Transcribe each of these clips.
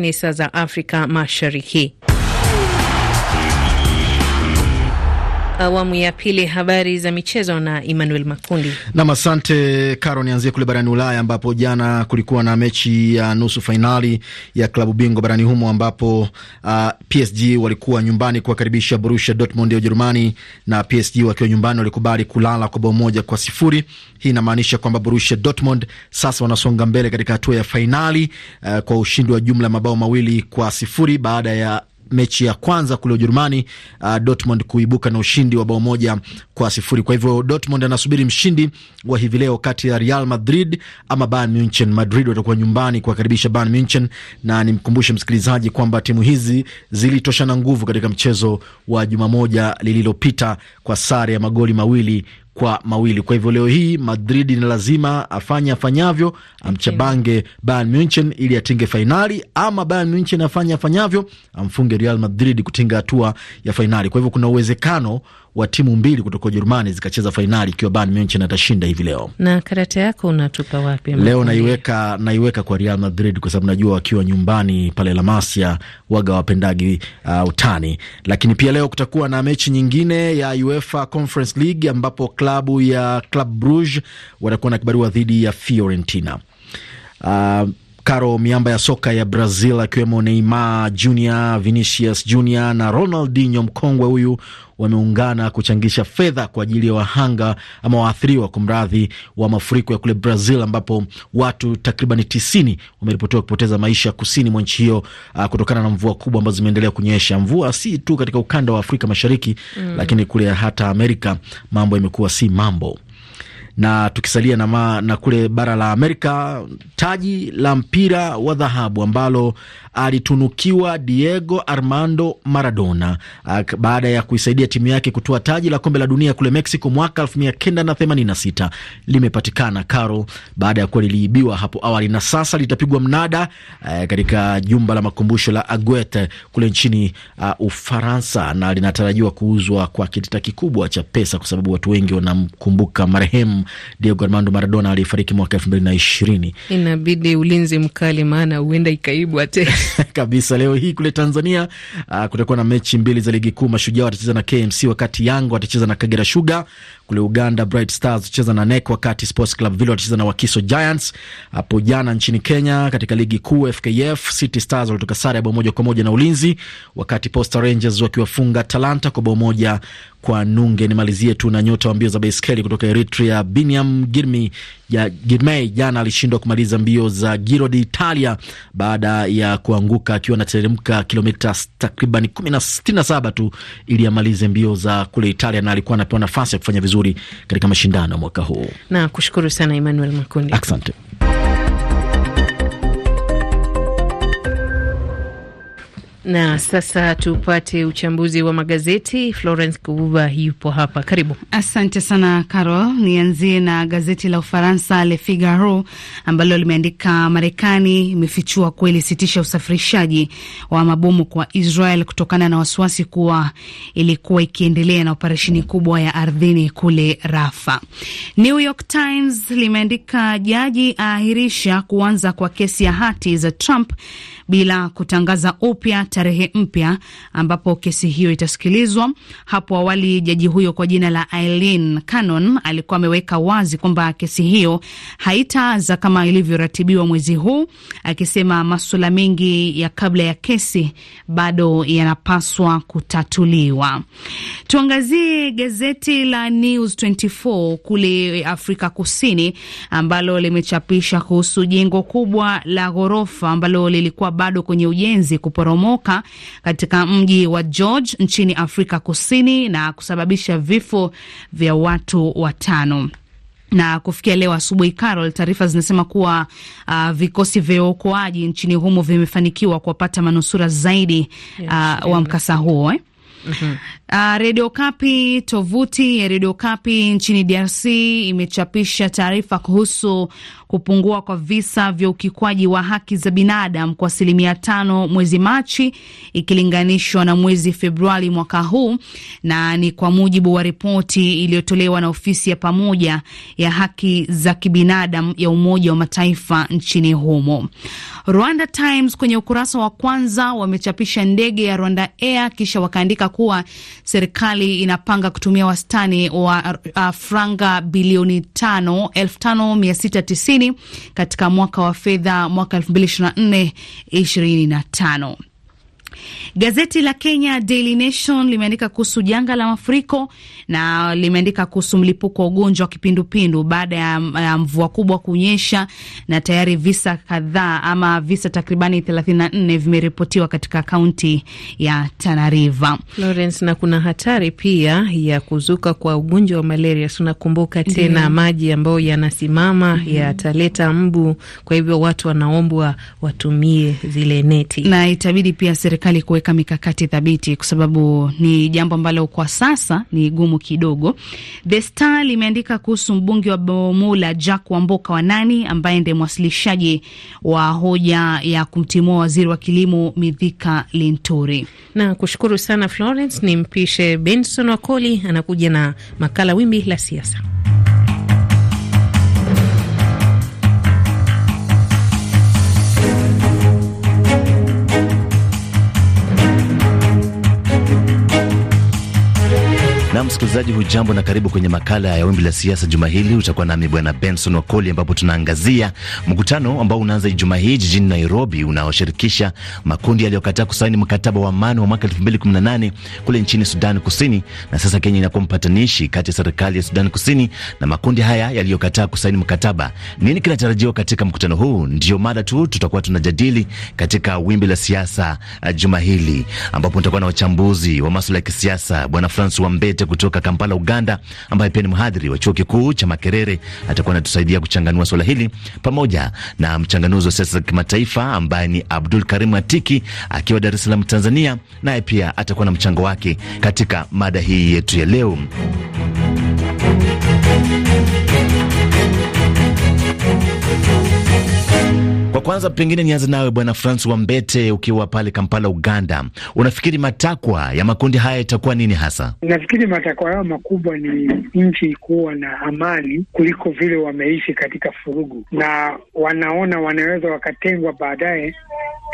Ni saa za Afrika Mashariki. awamu ya pili. Habari za michezo na Emmanuel Makundi. Nam, asante Karo. Nianzie kule barani Ulaya ambapo jana kulikuwa na mechi ya nusu fainali ya klabu bingwa barani humo ambapo uh, PSG walikuwa nyumbani kuwakaribisha Borussia Dortmund ya Ujerumani, na PSG wakiwa nyumbani walikubali kulala kwa bao moja kwa sifuri. Hii inamaanisha kwamba Borussia Dortmund sasa wanasonga mbele katika hatua ya fainali uh, kwa ushindi wa jumla ya mabao mawili kwa sifuri baada ya mechi ya kwanza kule Ujerumani, uh, Dortmund kuibuka na ushindi wa bao moja kwa sifuri. Kwa hivyo Dortmund anasubiri mshindi wa hivi leo kati ya Real Madrid ama Bayern Munchen. Madrid watakuwa nyumbani kuwakaribisha Bayern Munchen, na nimkumbushe msikilizaji kwamba timu hizi zilitoshana nguvu katika mchezo wa juma moja lililopita kwa sare ya magoli mawili kwa mawili. Kwa hivyo leo hii Madrid ni lazima afanye afanyavyo, amchabange Bayern Munchen ili atinge fainali, ama Bayern Munchen afanye afanyavyo, amfunge Real Madrid kutinga hatua ya fainali. Kwa hivyo kuna uwezekano wa timu mbili kutoka Ujerumani zikacheza fainali ikiwa Bayern Munich atashinda hivi leo. Na karata yako unatupa wapi? Leo naiweka naiweka kwa Real Madrid kwa sababu najua wakiwa nyumbani pale La Masia waga wapendagi uh, utani. Lakini pia leo kutakuwa na mechi nyingine ya UEFA Conference League ambapo klabu ya Club Brugge watakuwa na kibarua dhidi ya Fiorentina. Uh, karo miamba ya soka ya Brazil akiwemo Neymar Jr, Vinicius Jr na Ronaldinho mkongwe huyu wameungana kuchangisha fedha kwa ajili ya wahanga ama waathiriwa kwa mradhi wa mafuriko ya kule Brazil ambapo watu takriban tisini wameripotiwa kupoteza maisha kusini mwa nchi hiyo ah, kutokana na mvua kubwa ambazo zimeendelea kunyesha. Mvua si tu katika ukanda wa Afrika Mashariki mm, lakini kule hata Amerika mambo yamekuwa si mambo na tukisalia na, ma, na kule bara la Amerika, taji la mpira wa dhahabu ambalo alitunukiwa Diego Armando Maradona ah, baada ya kuisaidia timu yake kutoa taji la kombe la dunia kule Mexico mwaka 1986 limepatikana karo, baada ya kuwa liliibiwa hapo awali, na sasa litapigwa mnada uh, katika jumba la makumbusho la Agwete kule nchini uh, Ufaransa, na linatarajiwa kuuzwa kwa kitita kikubwa cha pesa, kwa sababu watu wengi wanamkumbuka marehemu Diego Armando Maradona aliyefariki mwaka elfu mbili na ishirini. Inabidi ulinzi mkali, maana huenda ikaibwa tena kabisa. Leo hii kule Tanzania uh, kutakuwa na mechi mbili za ligi kuu. Mashujaa watacheza na KMC wakati Yanga watacheza na Kagera Sugar. Kule Uganda Bright Stars watacheza na NEC wakati Sports Club Villa watacheza na Wakiso Giants. Hapo jana nchini Kenya katika ligi kuu FKF City Stars walitoka sare ya bao moja kwa moja na Ulinzi, wakati Posta Rangers wakiwafunga Talanta kwa bao moja kwa nunge. Nimalizie tu na nyota wa mbio za baiskeli kutoka Eritrea Biniam Girmi ya Girmay jana alishindwa kumaliza mbio za Giro d'Italia baada ya kuanguka akiwa anateremka kilomita takriban 67 tu ili amalize mbio za kule Italia, na alikuwa anapewa nafasi ya kufanya vizuri katika mashindano mwaka huu. Na kushukuru sana Emmanuel Makundi, asante. Na sasa tupate uchambuzi wa magazeti. Florence Kububa yupo hapa, karibu. Asante sana Carol. Nianzie na gazeti la Ufaransa Le Figaro ambalo limeandika Marekani imefichua kweli ilisitisha usafirishaji wa mabomu kwa Israel kutokana na wasiwasi kuwa ilikuwa ikiendelea na operesheni kubwa ya ardhini kule Rafa. New York Times limeandika jaji aahirisha kuanza kwa kesi ya hati za Trump bila kutangaza upya tarehe mpya ambapo kesi hiyo itasikilizwa. Hapo awali jaji huyo kwa jina la Eileen Cannon alikuwa ameweka wazi kwamba kesi hiyo haitaanza kama ilivyoratibiwa mwezi huu, akisema masuala mengi ya kabla ya kesi bado yanapaswa kutatuliwa. Tuangazie gazeti la News 24 kule Afrika Kusini ambalo limechapisha kuhusu jengo kubwa la ghorofa ambalo lilikuwa bado kwenye ujenzi kuporomoka kuanguka katika mji wa George nchini Afrika Kusini na kusababisha vifo vya watu watano na kufikia leo asubuhi, Carol, taarifa zinasema kuwa uh, vikosi vya uokoaji nchini humo vimefanikiwa kuwapata manusura zaidi uh, wa mkasa huo eh? mm -hmm. Uh, Redio Kapi, tovuti ya Redio Kapi nchini DRC imechapisha taarifa kuhusu kupungua kwa visa vya ukiukwaji wa haki za binadamu kwa asilimia tano mwezi Machi ikilinganishwa na mwezi Februari mwaka huu, na ni kwa mujibu wa ripoti iliyotolewa na ofisi ya pamoja ya haki za kibinadamu ya Umoja wa Mataifa nchini humo. Rwanda Times kwenye ukurasa wa kwanza wamechapisha ndege ya Rwanda Air kisha wakaandika kuwa serikali inapanga kutumia wastani wa uh, franga bilioni tano elfu tano mia sita tisini katika mwaka wa fedha mwaka elfu mbili ishirini na nne ishirini na tano. Gazeti la Kenya Daily Nation limeandika kuhusu janga la mafuriko na limeandika kuhusu mlipuko wa ugonjwa wa kipindupindu baada ya mvua kubwa kunyesha, na tayari visa kadhaa ama visa takribani 34 vimeripotiwa katika kaunti ya Tana River. Lawrence, na kuna hatari pia ya kuzuka kwa ugonjwa wa malaria. Tunakumbuka tena mm -hmm. maji ambayo yanasimama mm -hmm. yataleta mbu, kwa hivyo watu wanaombwa watumie zile neti, na itabidi pia serikali serikali kuweka mikakati thabiti, kwa sababu ni jambo ambalo kwa sasa ni gumu kidogo. The Star limeandika kuhusu mbunge wa Bomula Jack Wamboka Wanani ambaye ndiye mwasilishaji wa hoja ya kumtimua waziri wa kilimo Midhika Linturi. Na kushukuru sana Florence, ni mpishe Benson Wakoli anakuja na makala wimbi la siasa. Msikilizaji hujambo na karibu kwenye makala ya wimbi la siasa juma hili. Utakuwa nami bwana Benson Wakoli, ambapo tunaangazia mkutano ambao unaanza Ijumaa hii jijini Nairobi, unaoshirikisha makundi yaliyokataa kusaini mkataba wa amani wa mwaka 2018 kule nchini Sudan Kusini, na sasa Kenya inakuwa mpatanishi kati ya serikali ya Sudan Kusini na makundi haya yaliyokataa kusaini mkataba. Nini kinatarajiwa katika mkutano huu? Ndio mada tu tutakuwa tunajadili katika wimbi la siasa eh, juma hili, ambapo nitakuwa na wachambuzi wa masuala ya kisiasa bwana Francis Wambete kutoka kutoka Kampala, Uganda, ambaye pia ni mhadhiri wa chuo kikuu cha Makerere. Atakuwa anatusaidia kuchanganua swala hili pamoja na mchanganuzi wa siasa za kimataifa ambaye ni Abdul Karim Atiki akiwa Dar es Salaam, Tanzania, naye pia atakuwa na mchango wake katika mada hii yetu ya leo. Kwanza pengine nianze nawe Bwana Francis Wambete, ukiwa pale Kampala, Uganda, unafikiri matakwa ya makundi haya itakuwa nini hasa? Nafikiri matakwa yao makubwa ni nchi kuwa na amani kuliko vile wameishi katika furugu, na wanaona wanaweza wakatengwa baadaye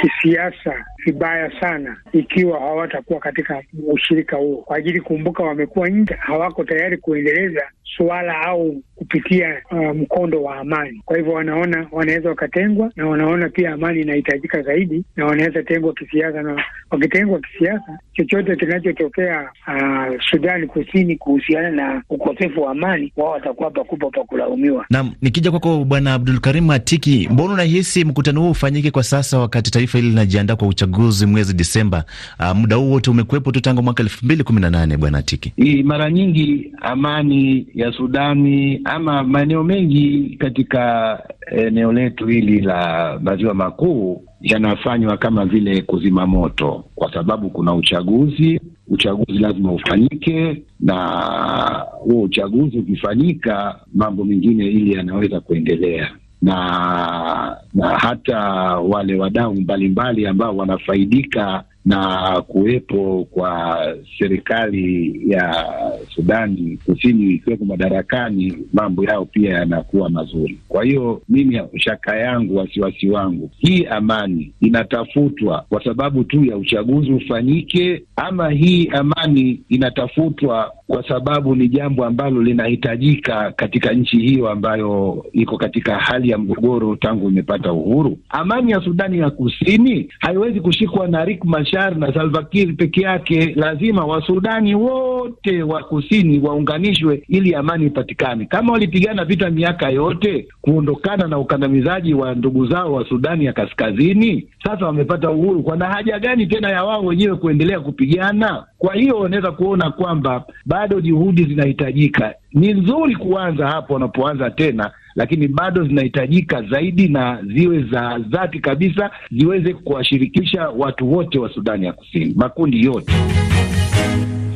kisiasa vibaya sana ikiwa hawatakuwa katika ushirika huo, kwa ajili kumbuka, wamekuwa nje, hawako tayari kuendeleza suala au kupitia uh, mkondo wa amani. Kwa hivyo wanaona wanaweza wakatengwa na wana naona pia amani inahitajika zaidi, na wanaweza tengwa kisiasa, na wakitengwa kisiasa, chochote kinachotokea uh, Sudani Kusini kuhusiana na ukosefu wa amani, wao watakuwa pakubwa pa kulaumiwa. Naam, nikija kwako Bwana Abdul Karim Atiki, mbona unahisi mkutano huo ufanyike kwa sasa wakati taifa hili linajiandaa kwa uchaguzi mwezi disemba Uh, muda huu wote umekuwepo tu tangu mwaka elfu mbili kumi na nane. Bwana Atiki, mara nyingi amani ya Sudani ama maeneo mengi katika eneo letu hili la maziwa makuu yanafanywa kama vile kuzima moto, kwa sababu kuna uchaguzi. Uchaguzi lazima ufanyike, na huo uchaguzi ukifanyika, mambo mengine ili yanaweza kuendelea na na hata wale wadau mbalimbali ambao wanafaidika na kuwepo kwa serikali ya Sudani Kusini ikiweko madarakani, mambo yao pia yanakuwa mazuri. Kwa hiyo mimi, shaka yangu, wasiwasi wangu, hii amani inatafutwa kwa sababu tu ya uchaguzi ufanyike, ama hii amani inatafutwa kwa sababu ni jambo ambalo linahitajika katika nchi hiyo ambayo iko katika hali ya mgogoro tangu imepata uhuru. Amani ya Sudani ya Kusini haiwezi kushikwa na Riek Machar Kikwete na Salva Kiir peke yake, lazima Wasudani wote wa kusini waunganishwe ili amani ipatikane. Kama walipigana vita miaka yote kuondokana na ukandamizaji wa ndugu zao wa Sudani ya kaskazini, sasa wamepata uhuru, kwa na haja gani tena ya wao wenyewe kuendelea kupigana? Kwa hiyo unaweza kuona kwamba bado juhudi zinahitajika. Ni nzuri kuanza hapo wanapoanza tena lakini bado zinahitajika zaidi na ziwe za dhati kabisa, ziweze kuwashirikisha watu wote wa Sudani ya Kusini, makundi yote.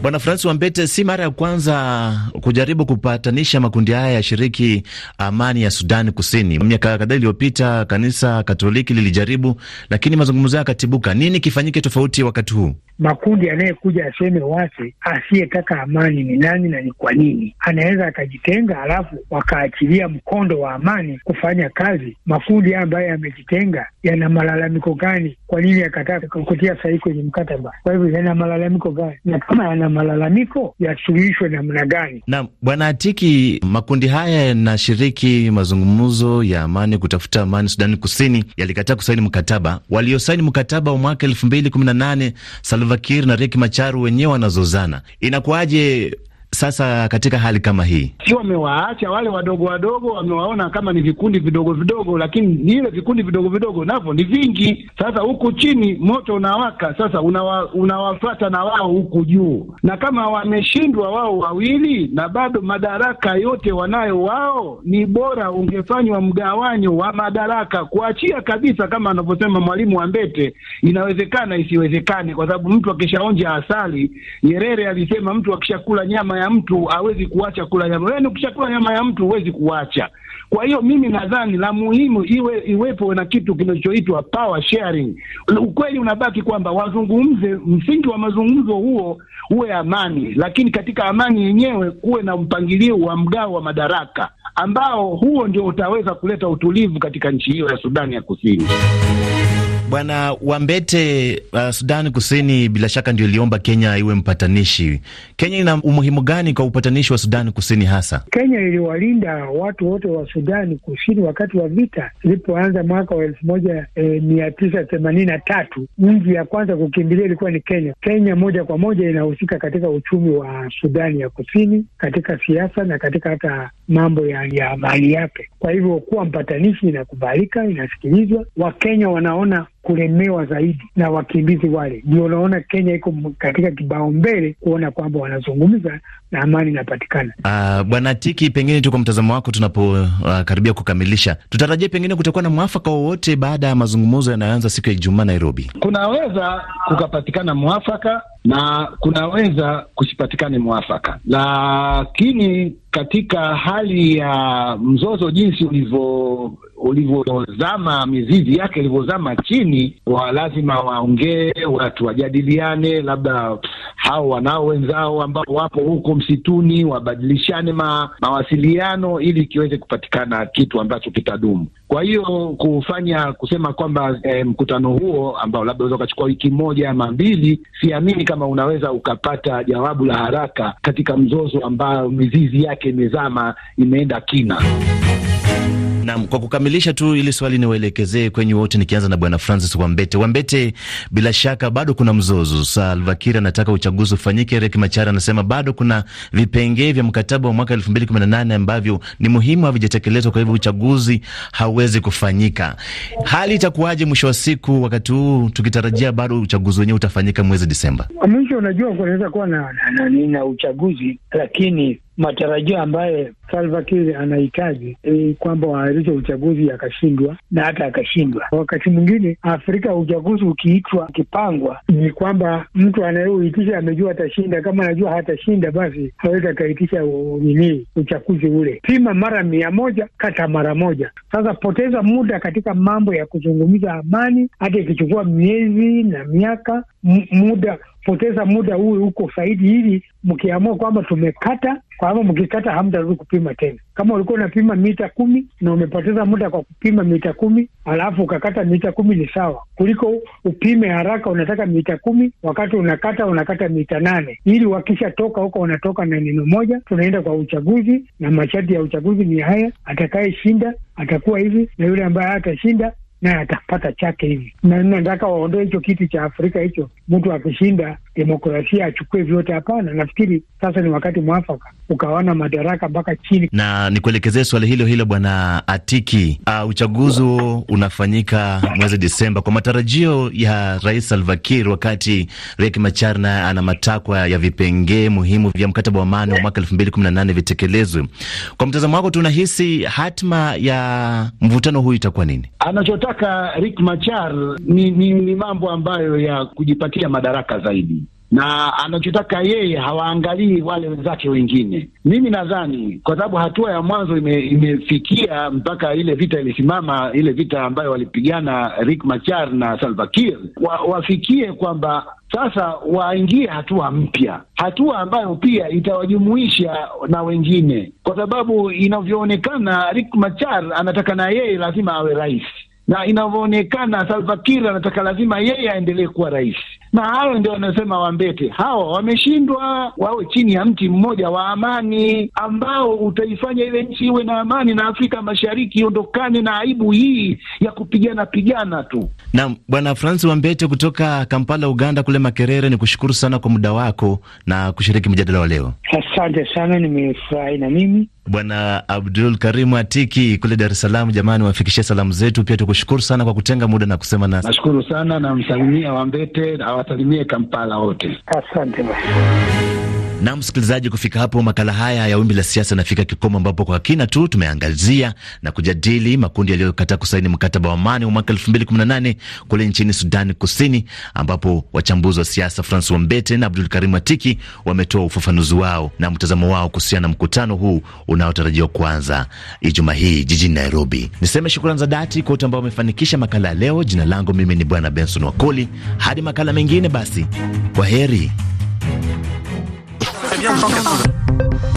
Bwana Francis Wambete, si mara ya kwanza kujaribu kupatanisha makundi haya ya shiriki amani ya Sudani Kusini. Miaka kadhaa iliyopita kanisa Katoliki lilijaribu, lakini mazungumzo hayo yakatibuka. Nini kifanyike tofauti wakati huu? Makundi anayekuja aseme wasi, asiyetaka amani ni nani na ni kwa nini? Anaweza akajitenga, alafu wakaachilia mkondo wa amani kufanya kazi. Makundi haya ambayo yamejitenga yana malalamiko gani? Kwa nini yakataa kutia sahihi kwenye mkataba? Kwa hivyo yana malalamiko gani? na kama yana malalamiko yasuluhishwe namna gani? Na Bwana Atiki, makundi haya yanashiriki mazungumzo ya amani kutafuta amani Sudani Kusini yalikataa kusaini mkataba. Waliosaini mkataba wa mwaka elfu mbili kumi na nane Salva Kiir na Riek Macharu wenyewe wanazozana. Inakuwaje sasa katika hali kama hii, si wamewaacha wale wadogo wadogo, wamewaona kama ni vikundi vidogo vidogo, lakini ile vikundi vidogo vidogo navyo ni vingi. Sasa huku chini moto unawaka, sasa unawa, unawafata na wao huku juu, na kama wameshindwa wao wawili na bado madaraka yote wanayo wao, ni bora ungefanywa mgawanyo wa madaraka, kuachia kabisa, kama anavyosema mwalimu wa Mbete, inawezekana isiwezekane, kwa sababu mtu akishaonja asali, Nyerere alisema mtu akishakula nyama ya mtu hawezi kuacha kula nyama. Wewe yaani, ukishakula nyama ya mtu huwezi kuacha. Kwa hiyo mimi nadhani la muhimu iwe iwepo na kitu kinachoitwa power sharing. Ukweli unabaki kwamba wazungumze, msingi wa mazungumzo huo uwe amani, lakini katika amani yenyewe kuwe na mpangilio wa mgao wa madaraka ambao huo ndio utaweza kuleta utulivu katika nchi hiyo ya Sudani ya Kusini. Bwana Wambete, uh, Sudani Kusini bila shaka ndio iliomba Kenya iwe mpatanishi. Kenya ina umuhimu gani kwa upatanishi wa Sudani Kusini? Hasa Kenya iliwalinda watu wote wa Sudani Kusini wakati wa vita ilipoanza mwaka wa elfu moja e, mia tisa themanini na tatu. Nchi ya kwanza kukimbilia ilikuwa ni Kenya. Kenya moja kwa moja inahusika katika uchumi wa Sudani ya Kusini, katika siasa na katika hata mambo ya, ya mali yake. Kwa hivyo kuwa mpatanishi inakubalika, inasikilizwa. Wakenya wanaona kulemewa zaidi na wakimbizi wale. Ndio unaona Kenya iko katika kibao mbele kuona kwamba wanazungumza na amani inapatikana. Uh, Bwana Tiki, pengine tu kwa mtazamo wako, tunapokaribia ah, uh, kukamilisha, tutarajia pengine kutakuwa na mwafaka wowote baada ya mazungumzo yanayoanza siku ya Ijumaa Nairobi? Kunaweza kukapatikana mwafaka na kunaweza kusipatikane mwafaka, lakini katika hali ya mzozo jinsi ulivyo ulivyozama mizizi yake ilivyozama chini, wa lazima waongee, watu wajadiliane, labda hao wanao wenzao ambao wapo huko msituni wabadilishane ma, mawasiliano ili kiweze kupatikana kitu ambacho kitadumu. Kwa hiyo kufanya kusema kwamba eh, mkutano huo ambao labda unaweza ukachukua wiki moja ama mbili, siamini kama unaweza ukapata jawabu la haraka katika mzozo ambao mizizi yake imezama, imeenda kina. Naam, kwa kukamilisha tu ili swali niwaelekezee kwenye wote, nikianza na bwana Francis Wambete. Wambete, bila shaka bado kuna mzozo. Salva Kiir anataka uchaguzi ufanyike. Riek Machar anasema bado kuna vipengee vya mkataba wa mwaka 2018 ambavyo ni muhimu havijatekelezwa, kwa hivyo uchaguzi hauwezi kufanyika. Hali itakuwaje mwisho wa siku, wakati huu tukitarajia bado uchaguzi wenyewe utafanyika mwezi Disemba? Mwisho unajua kunaweza kuwa na, na, na, na uchaguzi lakini matarajio ambaye Salva Kiir anahitaji e, kwamba waahirishe uchaguzi akashindwa, na hata akashindwa. Wakati mwingine Afrika uchaguzi ukiitwa, ukipangwa, ni kwamba mtu anayeuitisha amejua atashinda. Kama anajua hatashinda, basi hawezi akaitisha nini uchaguzi ule. Pima mara mia moja, kata mara moja. Sasa poteza muda katika mambo ya kuzungumza amani, hata ikichukua miezi na miaka muda kupoteza muda huu huko saidi ili mkiamua kwamba tumekata ama mkikata, hamtarudi kupima tena. Kama ulikuwa unapima mita kumi na umepoteza muda kwa kupima mita kumi alafu ukakata mita kumi ni sawa, kuliko upime haraka, unataka mita kumi wakati unakata unakata mita nane ili wakishatoka huko wanatoka na neno moja, tunaenda kwa uchaguzi, na masharti ya uchaguzi ni haya, atakayeshinda atakuwa hivi na yule ambaye atashinda naye atapata chake hivi, na nataka waondoe hicho kiti cha Afrika hicho, mtu akishinda demokrasia achukue vyote. Hapana, nafikiri sasa ni wakati mwafaka ukaona madaraka mpaka chini. Na nikuelekezee swali hilo hilo Bwana Atiki. Uh, uchaguzi unafanyika mwezi Desemba kwa matarajio ya Rais Salva Kiir, wakati Riek Machar na ana matakwa ya vipengee muhimu vya mkataba wa amani wa mwaka elfu mbili kumi na nane vitekelezwe. Kwa mtazamo wako, tunahisi hatma ya mvutano huu itakuwa nini? Anachotaka Riek Machar ni, ni, ni mambo ambayo ya kujipatia madaraka zaidi na anachotaka yeye hawaangalii wale wenzake wengine. Mimi nadhani kwa sababu hatua ya mwanzo ime, imefikia mpaka ile vita ilisimama, ile vita ambayo walipigana rik Machar na Salva Kiir, wa, wafikie kwamba sasa waingie hatua mpya, hatua ambayo pia itawajumuisha na wengine, kwa sababu inavyoonekana rik Machar anataka na yeye lazima awe rais na inavyoonekana Salva Kiir anataka lazima yeye aendelee kuwa rais na hayo ndio wanasema wambete hawa wameshindwa, wawe chini ya mti mmoja wa amani ambao utaifanya ile nchi iwe na amani na Afrika Mashariki iondokane na aibu hii ya kupigana pigana tu. Naam, Bwana Francis Wambete kutoka Kampala, Uganda, kule Makerere, ni kushukuru sana kwa muda wako na kushiriki mjadala wa leo. Asante sana, nimefurahi na mimi Bwana Abdul Karimu Atiki kule Dar es Salaam, jamani, wafikishie salamu zetu. Pia tukushukuru sana kwa kutenga muda na kusema nasi. Nashukuru sana, namsalimia Wambete, awasalimie Kampala wote, asante. Na msikilizaji, kufika hapo makala haya ya wimbi la siasa yanafika kikomo, ambapo kwa kina tu tumeangazia na kujadili makundi yaliyokataa kusaini mkataba wa amani wa mwaka 2018 kule nchini Sudani Kusini, ambapo wachambuzi wa siasa Francois Mbete na Abdul Karim Atiki wametoa ufafanuzi wao na mtazamo wao kuhusiana na mkutano huu unaotarajiwa kuanza Ijumaa hii jijini Nairobi. Niseme shukrani za dhati kwa wote ambao wamefanikisha makala ya leo. Jina langu mimi ni Bwana Benson Wakoli. Hadi makala mengine, basi kwa heri. 要放肆。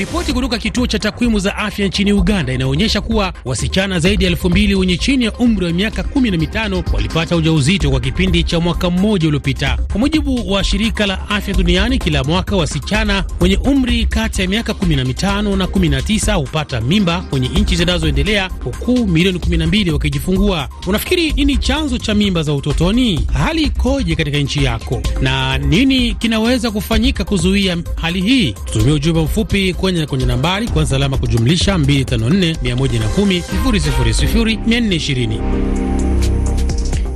Ripoti kutoka kituo cha takwimu za afya nchini Uganda inaonyesha kuwa wasichana zaidi ya elfu mbili wenye chini ya umri wa miaka 15 walipata ujauzito kwa kipindi cha mwaka mmoja uliopita. Kwa mujibu wa shirika la afya duniani, kila mwaka wasichana wenye umri kati ya miaka 15 na 19 hupata mimba kwenye nchi zinazoendelea, huku milioni 12 wakijifungua. Unafikiri nini chanzo cha mimba za utotoni? Hali ikoje katika nchi yako na nini kinaweza kufanyika kuzuia hali hii? Tutumie ujumbe mfupi kwa kwenye, kwenye nambari kwa alama kujumlisha 254 110 000 420.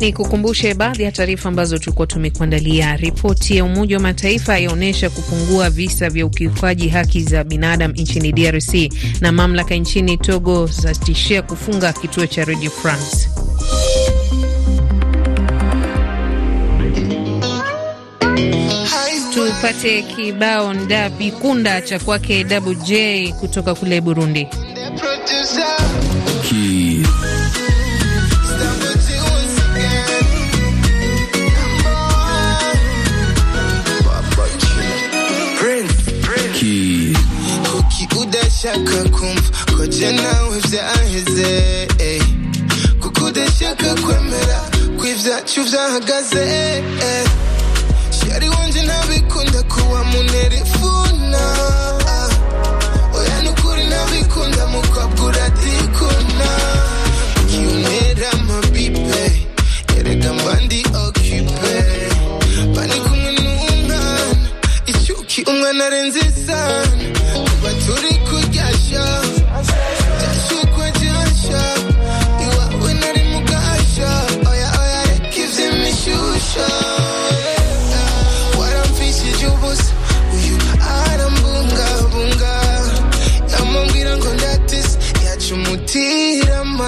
Ni kukumbushe baadhi ya taarifa ambazo tulikuwa tumekuandalia. Ripoti ya Umoja wa Mataifa yaonyesha kupungua visa vya ukiukaji haki za binadamu nchini DRC na mamlaka nchini Togo zatishia kufunga kituo cha Radio France. tupate kibao nda bikunda cha kwake WJ J kutoka kule Burundi. udashaka kumva koje nawe vyaheze eh. Kuko udashaka kwemera kw'ivyacu vyahagaze eh. kuwa oya nukuri nabikunda mukobwa uratikuna isano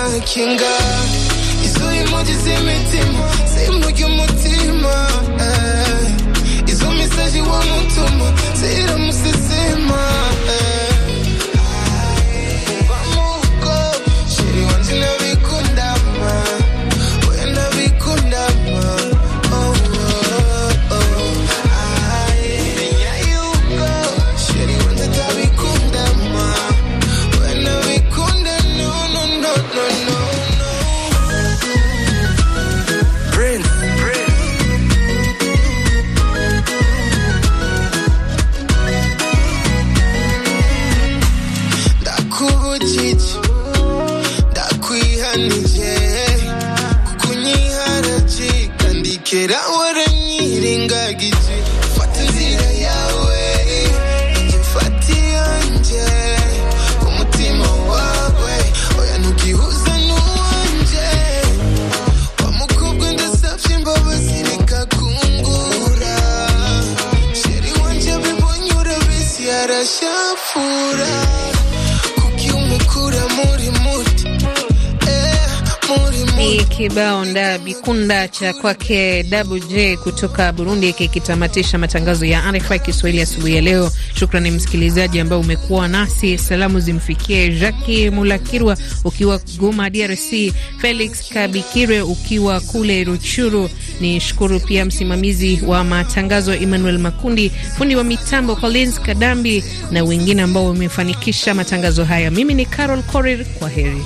amakinga izo imugize imitima zimuge umutima eh. izo misaje wa mutuma ziramusesema kibao nda bikunda cha kwake WJ kutoka Burundi kikitamatisha matangazo ya RFI Kiswahili asubuhi ya, ya leo. Shukrani msikilizaji ambao umekuwa nasi. Salamu zimfikie Jaki Mulakirwa ukiwa Goma DRC, Felix Kabikire ukiwa kule Ruchuru. Ni shukuru pia msimamizi wa matangazo Emmanuel Makundi, fundi wa mitambo Collins Kadambi na wengine ambao wamefanikisha matangazo haya. Mimi ni Carol Korir, kwa heri.